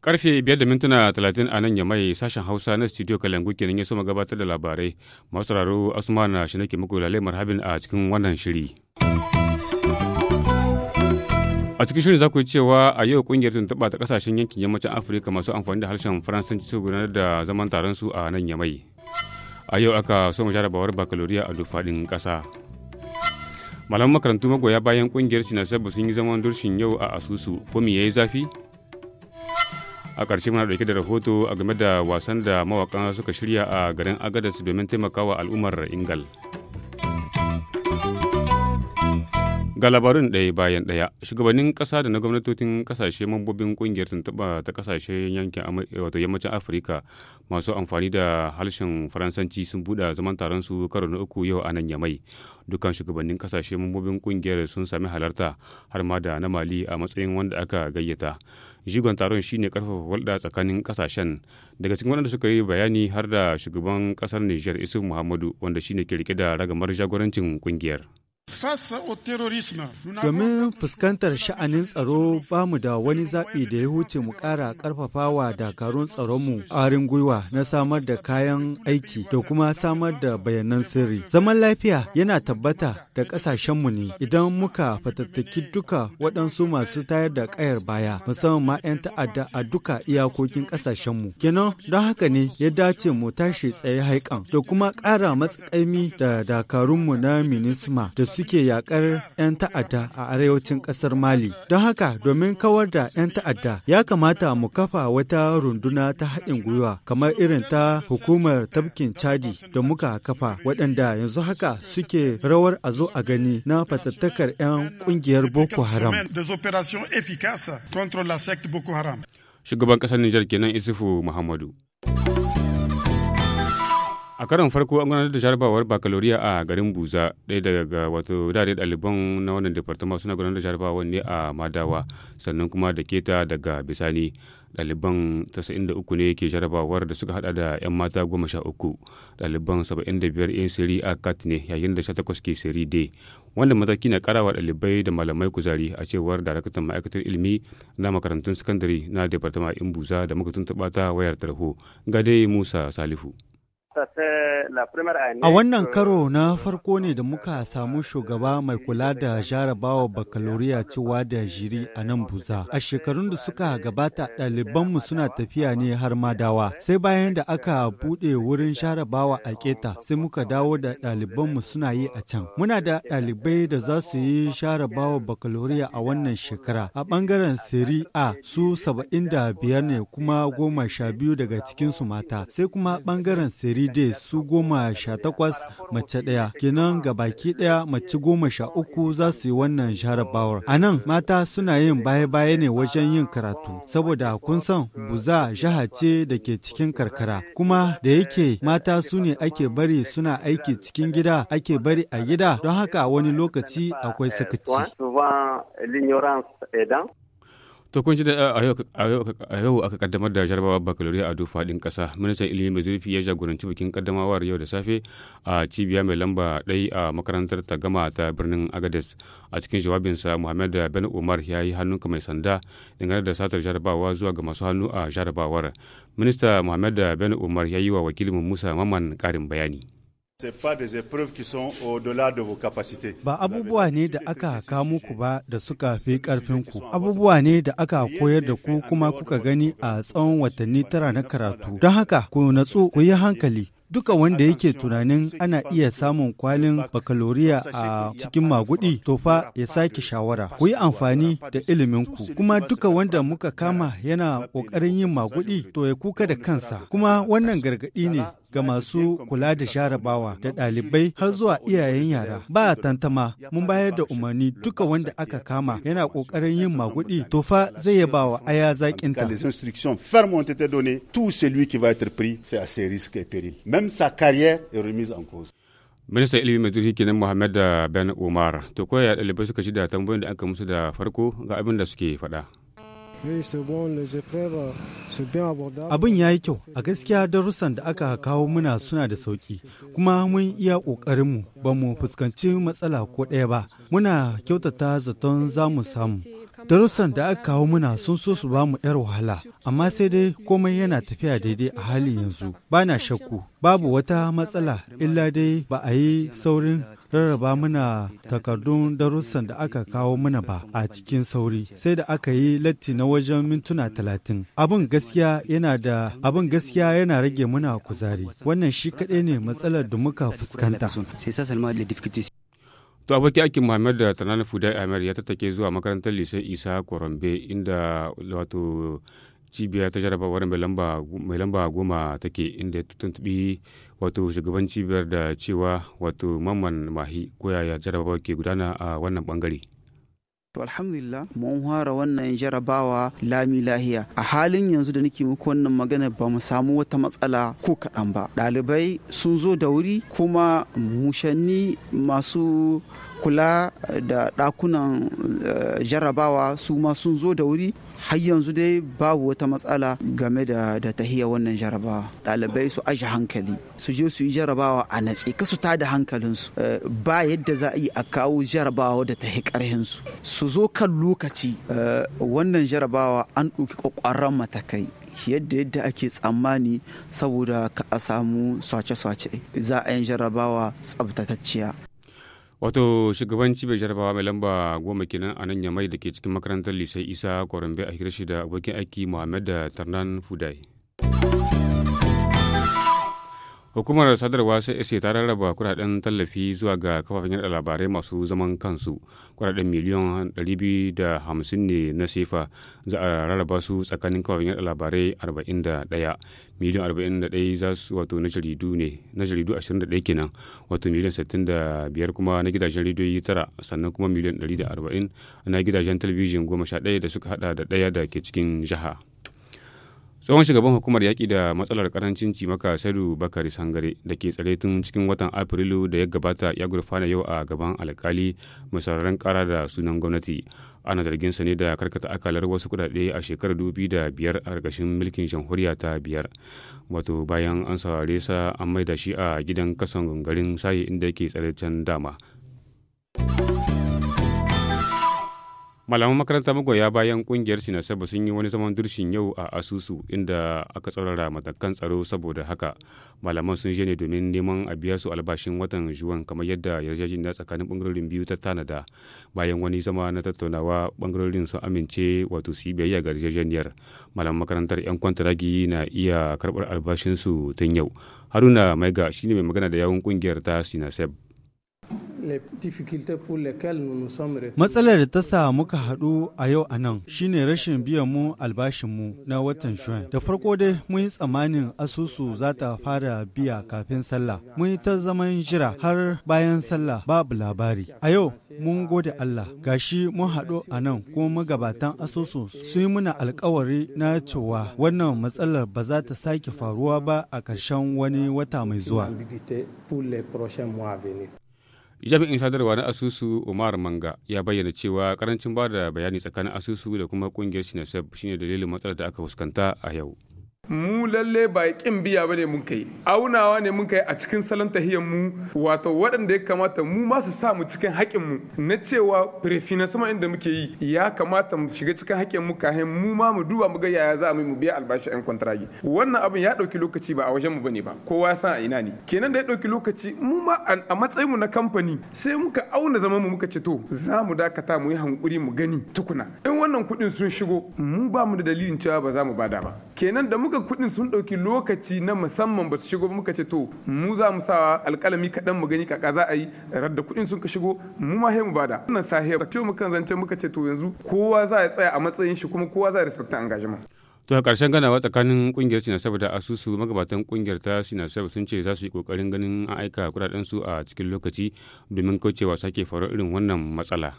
Karfe 5 da mintuna talatin a nan ya mai sashen Hausa na studio Kalangu kenan ya soma gabatar da labarai. Masu raro Asmana shi nake muku lalai marhabin a cikin wannan shiri. A cikin shirin za ku yi cewa a yau kungiyar tuntuɓa ta kasashen yankin yammacin Afirka masu amfani da harshen Faransanci su gudanar da zaman taron su a nan Yamai. A yau aka so mu jarabawar bakaloriya a dufaɗin ƙasa. Malaman makarantu magoya bayan kungiyar Sinasabu sun yi zaman durshin yau a Asusu, ko me yi zafi? a ƙarshe muna ɗauke da rahoto a game da wasan da mawaƙa suka shirya a garin agadas domin taimakawa al'ummar ingal. Ga labarun ɗaya bayan ɗaya, shugabannin ƙasa da na gwamnatocin ƙasashe mambobin ƙungiyar tuntuɓa ta ƙasashen yankin eh, wato yammacin Afirka masu amfani da harshen Faransanci sun buɗe zaman taron su karo na uku yau a nan Yamai. Dukkan shugabannin ƙasashe mambobin ƙungiyar sun sami halarta har ma da na Mali a matsayin wanda aka gayyata. Jigon taron shine ƙarfafa hulɗa tsakanin ƙasashen. Daga cikin wanda suka yi bayani har da shugaban ƙasar Nijar Isu Muhammadu wanda shine ke rike da ragamar jagorancin ƙungiyar. Domin fuskantar sha'anin tsaro ba mu da wani zaɓi da ya huce mu ƙara ƙarfafawa dakarun tsaronmu arin gwiwa na samar da kayan aiki da kuma samar da bayanan sirri. Zaman lafiya yana tabbata da ƙasashenmu ne idan muka fatattaki duka waɗansu masu tayar da ƙayar baya musamman ma 'yan ta'adda a duka iyakokin ƙasashenmu. Kenan don haka ne ya dace mu tashi tsaye haikan da kuma ƙara matsakaimi da dakarunmu na minisma da su suke yakar 'yan ta'adda a arewacin ƙasar Mali. Don haka domin kawar da 'yan ta'adda ya kamata mu kafa wata runduna ta haɗin gwiwa kamar irin ta hukumar tafkin Chadi da muka kafa waɗanda yanzu haka suke rawar a zo a gani na fatattakar 'yan ƙungiyar Boko Haram. Shugaban ƙasar Nijar kenan Isufu Muhammadu. a karon farko an gudanar da jarabawar bakaloriya a garin buza ɗaya daga wato dare ɗaliban na wannan departama suna gudanar da jarabawar ne a madawa sannan kuma da keta daga bisani ɗaliban 93 ne ke jarabawar da suka hada da 'yan mata 13 ɗaliban 75 'yan siri a kat ne yayin da 18 ke siri d wanda mataki na karawa ɗalibai da malamai kuzari a cewar darakatan ma'aikatar ilimi na makarantun sakandare na departama buza da muka tuntuɓa ta wayar tarho ga musa salihu Entonces, A wannan karo na farko ne da muka samu shugaba mai kula da jarabawa bakaloriya cewa da jiri a nan buza. A shekarun da suka gabata ɗalibanmu suna tafiya ne har madawa. Sai bayan da aka buɗe wurin jarabawa a keta sai muka dawo da ɗalibanmu suna yi a can. Muna da ɗalibai da za su yi jarabawa bakaloriya a wannan shekara. A ɓangaren siri A su saba'in da biyar ne kuma goma sha biyu daga cikinsu mata. Sai kuma ɓangaren siri D su goma sha takwas mace ɗaya kenan ga baki ɗaya mace goma sha uku za su yi wannan jarabawar a nan mata suna yin baya-baya ne wajen yin karatu saboda kun san buza jiha ce da ke cikin karkara kuma da yake mata su ne ake bari suna aiki cikin gida ake bari a gida don haka wani lokaci akwai sakaci To kun ji da a yau aka kaddamar da jarabawa baccalaureate a duk faɗin ƙasa. Ministan ilimi mai zurfi ya jagoranci bikin kaddamawar yau da safe a cibiya mai lamba ɗai a makarantar ta gama ta birnin Agades. A cikin jawabinsa Muhammad Ben Umar ya yi hannunka mai sanda dangane da satar jarabawa zuwa ga masu hannu a jarabawar. Minista Muhammad Ben Umar ya yi wa wakilin Musa Maman ƙarin bayani. Ba abubuwa ne da aka haka muku ba da suka fi ku abubuwa ne da aka koyar da ku kuma kuka gani a tsawon watanni tara na karatu. Don haka, ku natsu ku yi hankali. Duka wanda yake tunanin ana iya samun kwalin bakaloriya a cikin magudi to ya sake shawara. Ku yi amfani da iliminku, kuma duka wanda muka kama yana ƙoƙarin yin magudi to ya kuka da kansa, kuma wannan gargaɗi ne ga masu kula da sharabawa da ɗalibai har zuwa iyayen yara. Ba a tantama mun bayar da umarni duka wanda aka kama yana ƙoƙarin yin magudi tofa fa zai ba wa aya zaƙin ta. Les instructions été tout celui qui va ministan ilimi mai zurfi kenan muhammad da ben umar to koya ɗalibai suka shida tambayoyin da aka musu da farko ga abin da suke faɗa Euh, Abin ya yi kyau, a gaskiya darussan da aka kawo muna suna da sauƙi, kuma mun iya ƙoƙarinmu ba mu fuskanci matsala ko ɗaya ba, muna kyautata zaton za mu samu. Darussan da aka kawo muna sun so su ba mu ‘yar wahala, amma sai dai komai yana tafiya daidai a halin yanzu. Ba na shakku, babu wata matsala, illa dai ba a yi saurin rarraba mana takardun darussan da aka kawo mana ba a cikin sauri sai da aka yi latti na wajen mintuna talatin abin gaskiya yana da abin gaskiya yana rage muna kuzari wannan shi kaɗai ne matsalar da muka fuskanta to abokin aikin muhammad da tanani fudai amir ya tattake zuwa makarantar lisan isa korombe inda wato cibiya ta wani mai lamba goma take inda ya tuntuɓi wato shugaban cibiyar da cewa wato mamman mahi yaya jarabawa ke gudana a wannan bangare. To alhamdulillah mun fara wannan jarabawa lami lahiya a halin yanzu da nake muku wannan magana ba mu samu wata matsala ko kaɗan ba ɗalibai sun zo da wuri kuma mushanni masu kula da ɗakunan eh, jarabawa su ma sun zo da wuri har yanzu dai babu wata matsala game da da tahiya wannan jarabawa ɗalibai su aji hankali su je su yi jarabawa a natse ka su hankalin hankalinsu eh, ba yadda za a yi a kawo jarabawa da tahi karhin su su zo kan lokaci eh, wannan jarabawa an ɗauki ƙwaƙwaran matakai yadda yadda ake tsammani saboda ka a samu swace-swace za a yin jarabawa tsabtatacciya wato shugabanci bai jarabawa mai lamba goma kenan a nan yamai da ke cikin makarantar lisai isa kwarambe a hirshi da abokin aiki muhammad da tarnan fudai Hukumar sadarwa CSA ta rarraba kudaden tallafi zuwa ga kafafen yada labarai masu zaman kansu. Kudaden miliyan 250 ne na sefa za a rarraba su tsakanin kafafen yada labarai 41. Miliyan 41 za su wato na jaridu ne, na jaridu 21 kenan, wato miliyan 65 kuma na gidajen rediyoyi tara sannan kuma miliyan 140 na gidajen talabijin 11 da suka hada da ɗaya da ke cikin jiha. tsohon shugaban hukumar yaƙi da matsalar karancin cimaka sadu bakari sangare da ke tsare tun cikin watan afrilu da ya gabata ya gurfana yau a gaban alkali mai kara da sunan gwamnati ana zargin sa ne da karkata akalar wasu kudade a shekarar dubi da biyar a ƙarƙashin mulkin jamhuriya ta biyar wato bayan an saurare sa an maida shi a gidan kasan garin saye inda yake tsare can dama. malaman makaranta magoya bayan kungiyar sinasaba sun yi wani zaman dirshin yau a asusu inda aka tsaurara matakan tsaro saboda haka malaman sun je ne domin neman a biya su albashin watan juwan kamar yadda yarjejeniya tsakanin bangarorin biyu ta tanada bayan wani zama na tattaunawa bangarorin sun amince wato su biyayya ga yarjejeniyar malaman makarantar yan kwantaragi na iya karbar albashin su tun yau haruna maiga shine mai magana da yawun kungiyar ta sinasaba Matsalar da ta sa muka haɗu a yau a nan shi ne rashin biyan mu albashinmu na watan shuwan. Da farko dai mun yi tsammanin asusu za ta fara biya kafin sallah. Mun yi ta zaman jira har bayan sallah babu labari. A yau mun gode Allah gashi mun haɗu a nan kuma magabatan asusu su yi muna alkawari na cewa wannan matsalar ba za ta sake faruwa ba a ƙarshen wani wata mai zuwa. jami'in sadarwa na asusu umar manga ya bayyana cewa karancin bada bayani tsakanin asusu da kuma kungiyar sinasef shine dalilin matsalar da aka fuskanta a yau mu lalle ba kin biya bane mun kai aunawa ne mun kai a cikin salon tahiyyar mu wato waɗanda ya kamata mu ma su sa mu cikin haƙin mu na cewa firfina sama inda muke yi ya kamata mu shiga cikin haƙin mu kahin mu ma mu duba mu ga yaya za mu biya albashi yan kwantaragi wannan abin ya ɗauki lokaci ba a wajen mu bane ba kowa ya san a ina ne kenan da ya ɗauki lokaci mu ma a matsayin mu na kamfani sai muka auna zaman mu muka ce to za mu dakata mu yi hankuri mu gani tukuna in wannan kuɗin sun shigo mu ba mu da dalilin cewa ba za mu bada ba kenan da muka buga kudin sun dauki lokaci na musamman ba su shigo ba muka ce to mu za mu sa alƙalami kaɗan mu gani kaka za a yi radda kuɗin sun ka shigo mu ma mu bada wannan sahiya ta ce muka zance muka ce to yanzu kowa za ya tsaya a matsayin shi kuma kowa za ya respecta engagement to a ƙarshen ganawa tsakanin ƙungiyar sinasab da asusu magabatan ƙungiyar ta sinasab sun ce za su yi kokarin ganin an aika kudaden su a cikin lokaci domin kaucewa sake faruwar irin wannan matsala.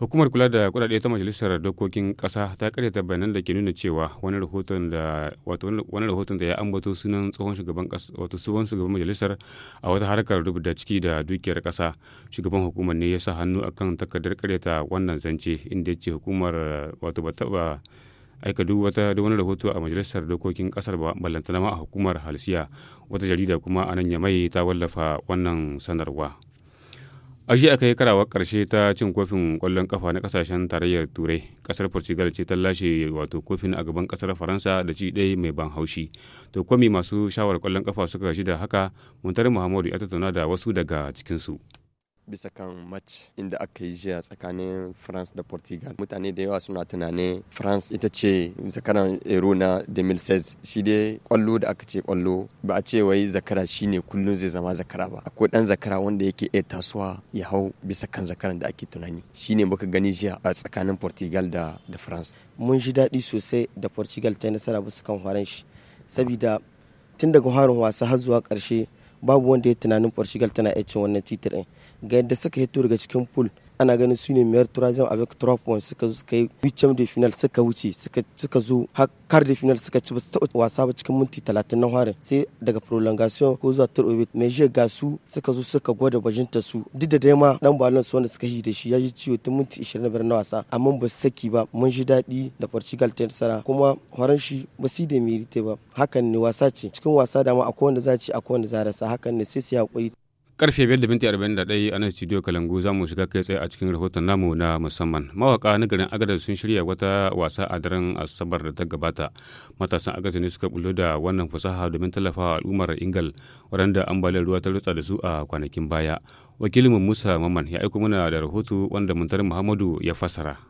Hukumar kula da kudade ta Majalisar Dokokin kasa ta karyata bayanan da ke nuna cewa wani rahoton da ya ambato sunan tsohon shugaban kasa wato tsohon shugaban majalisar a wata harkar rubuta ciki da dukiyar kasa Shugaban hukumar ne ya sa hannu akan takardar karyata wannan zance inda ya ce hukumar wato ba taba aika duk wata da wani rahoto a majalisar dokokin kasar ballantana ma a hukumar halsiya wata jarida kuma a nan yamai ta wallafa wannan sanarwa. a jiya aka yi karawar ƙarshe ta cin kofin ƙwallon ƙafa na ƙasashen tarayyar turai ƙasar portugal ce ta lashe wato kofin a gaban ƙasar faransa da ci ɗaya mai ban haushi to komi masu shawarar ƙwallon ƙafa suka gaji da haka muntar muhammadu ya tattauna da wasu daga cikinsu. bisa kan match inda aka yi jiya tsakanin France da Portugal. Mutane da yawa suna tunanin France ita ce zakaran ero na 2016. Shi dai kwallo da aka ce kwallo ba a ce wai zakara shine kullum zai zama zakara ba. Akwai dan zakara wanda yake iya tasowa ya hau bisa kan zakaran da ake tunani. Shine muka gani jiya a tsakanin Portugal da da France. Mun ji daɗi sosai da Portugal ta nasara bisa kan horon shi. Sabida tun daga harin wasa har zuwa ƙarshe babu wanda ya tunanin Portugal tana iya cin wannan titirin ga yadda suka hito daga cikin pool ana ganin su ne mayar turazam avec trois points suka zo suka yi de final suka wuce suka zo har de final suka ci basu wasa ba cikin minti talatin na harin sai daga prolongation ko zuwa turbe mai je ga su suka zo suka gwada bajinta su duk da dai ma dan balon su wanda suka yi da shi ya ji ciwo tun minti 25 na wasa amma ba saki ba mun ji daɗi da Portugal ta nasara kuma horon shi ba su da mirite ba hakan ne wasa ce cikin wasa da ma akwai wanda za ci akwai wanda za rasa hakan ne sai su yi hakuri karfe 5.41 a nan studio kalangu za mu shiga kai tsaye a cikin rahoton namu na musamman mawaka na garin agadar sun shirya wata wasa a daren asabar da ta gabata matasan agadar ne suka bulo da wannan fasaha domin tallafawa al'ummar ingal waɗanda ambaliyar ruwa ta rutsa da su a kwanakin baya wakilin musa maman ya aiko mana da rahoto wanda muntar muhammadu ya fasara.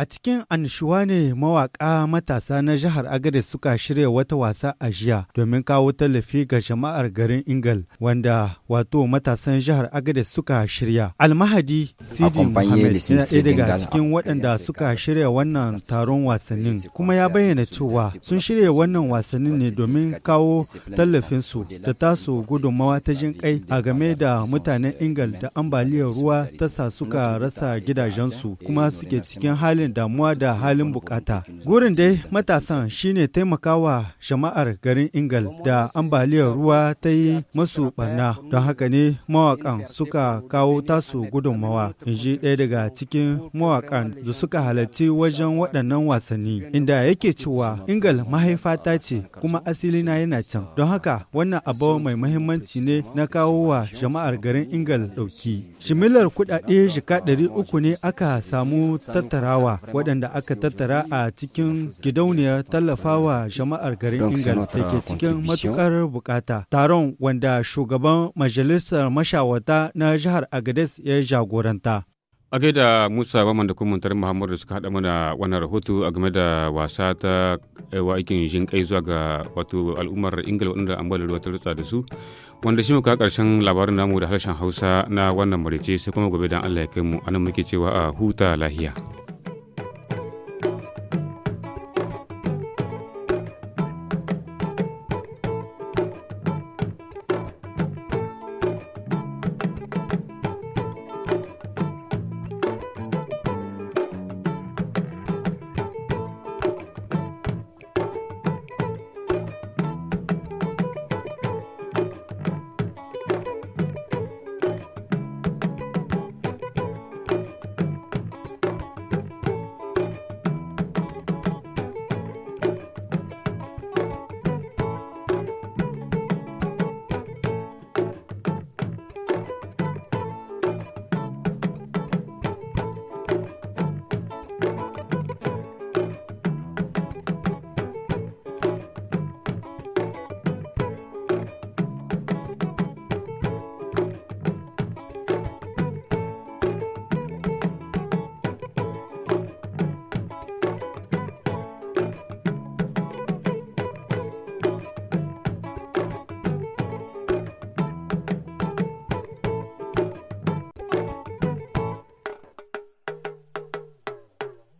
A cikin anshuwa ne mawaƙa matasa na jihar Agadez suka shirya wata wasa a jiya domin kawo tallafi ga jama'ar garin Ingal wanda wato matasan jihar Agadez suka shirya. Almahadi Sidi Muhammad yana ɗaya daga cikin waɗanda suka shirya wannan taron wasannin kuma ya bayyana cewa sun shirya wannan wasannin ne domin kawo tallafinsu da tasu gudunmawa ta jin kai a game da mutanen Ingal da ambaliyar ruwa ta sa suka rasa gidajensu kuma suke cikin halin rashin damuwa da halin bukata. Gurin dai matasan shine taimakawa jama'ar garin Ingal da ambaliyar ruwa ta yi masu barna don haka ne mawakan suka kawo tasu gudunmawa in ji ɗaya daga cikin mawakan da suka halarci wajen waɗannan wasanni inda yake cewa Ingal mahaifata ce kuma asilina yana can don haka wannan abu mai mahimmanci ne na kawo wa jama'ar garin Ingal ɗauki. Shimilar kuɗaɗe jika ɗari uku ne aka samu tattarawa waɗanda aka tattara a cikin gidauniyar tallafawa jama'ar garin Ingal da ke cikin matukar bukata. Taron wanda shugaban majalisar mashawata na jihar Agades ya jagoranta. a gaida musa baman da kuma tarin muhammadu suka haɗa mana wannan rahoto a game da wasa ta eh, wa aikin jin kai zuwa ga wato al'ummar ingila waɗanda bada ruwa ta rutsa da su wanda shi muka karshen labarin namu da harshen hausa na wannan marice sai kuma gobe dan allah ya kai mu anan muke cewa a huta lahiya